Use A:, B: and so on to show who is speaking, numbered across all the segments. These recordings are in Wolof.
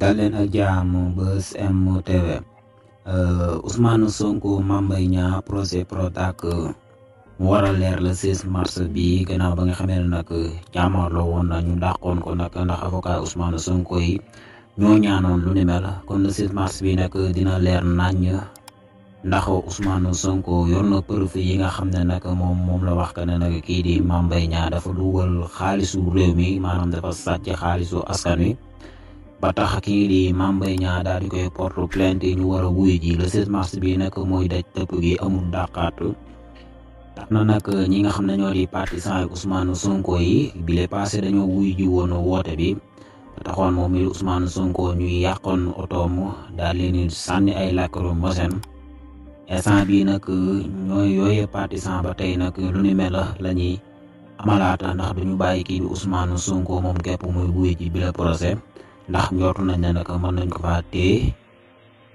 A: dal leen ak jàmm Buzz M TV Ousmane eh, Sonko Mame Mbaye Niang procès Prodac mu war a leer le 16 mars bi gannaaw ba nga xamee ne nag jàmmarloo woon na ñu ko nag ndax avocat Ousmane Sonko yi ñoo ñaanoon lu ni mel kon le 16 mars bi nag dina leer nanya, ndax Ousmane Sonko yor na preuve yi nga xam ne nag moom moom la wax que ne nag kii di Mame Mbaye dafa dugal xaalisu réew mi maanaam dafa xaalisu askan wi. ba tax kii di Mame Mbaye Niang daal di koy porte plainte ñu war a wuy ji le 16 mars bi nag mooy daj tëpp gi amul dàqaatu tax na nag ñi nga xam ne ñoo di partisan ak Ousmane sunko yi bi le passé dañoo wuy ji woon woote bi taxoon moom mi Ousmane Sonko ñuy yàqoon otoom daal leen sànni ay lacrymogène instant bi nag ñooy yooye partisan ba tey nag lu ni mel la ñuy amalaata ndax duñu bàyyi kii di Ousmane sunko moom képp muy wuy ji bi le ndax njortu nañ ne nag mën nañ ko faa téye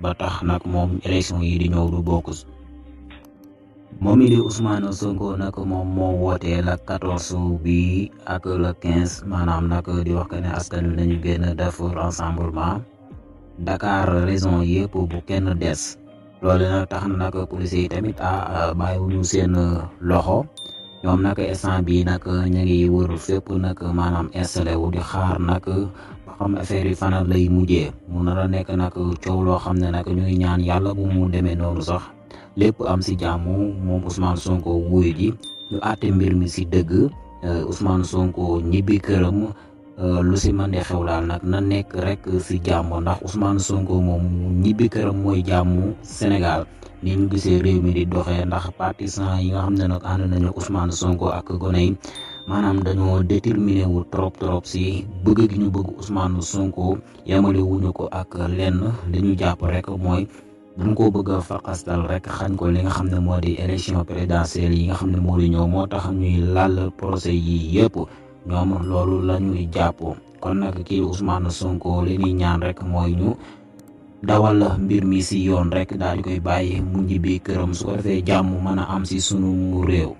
A: ba tax nag moom élection yi di ñëw du bokk moom it di Sonko nag moom moo wootee la quatorze bi ak le quinze maanaam nag di wax que ne askan wi nañu génn def rassemblement Dakar raison yëpp bu kenn des loolu nag tax nak nag policiers yi tamit ah bàyyiwuñu seen loxo. ñoom nag instant bi nag ñu ngi wër fépp nag maanaam installé wu di xaar nag ba xam affaire yi fana lay mujjee mu nar a nekk nag coow loo xam ne nag ñu ñaan yàlla bu mu demee noonu sax lépp am si jàmm moom Ousmane Sonko wuyu ji ñu àtte mbir mi si dëgg euh, Ousmane Sonko ñibbi këram. Euh, lu si man de xew laal nag na nekk rek si jàmm ndax Ousmane Sonko moom ñibbi këram mooy jàmmu Sénégal ni gisee réew mi di doxee ndax partisan yi nga xam ne nag ànd nañu usmaan Sonko ak gone yi maanaam dañoo déterminé wu trop trop si bëgg gi ñu bëgg Ousmane Sonko yamale wuñu ko ak lenn li ñu jàpp rek mooy duñ ko bëgg a faqastal rek xañ ko li nga xam ne moo di élection présidentielle yi nga xam ne moo di ñëw moo tax ñuy laal procès yi yëpp. ñoom loolu la ñuy jàpp kon nag kii Ousmane Sonko li ñuy ñaan rek mooy ñu dawal mbir mi si yoon rek daal di koy bàyyi mu ñibbi këram su ko defee jàmm mën am si sunu réew.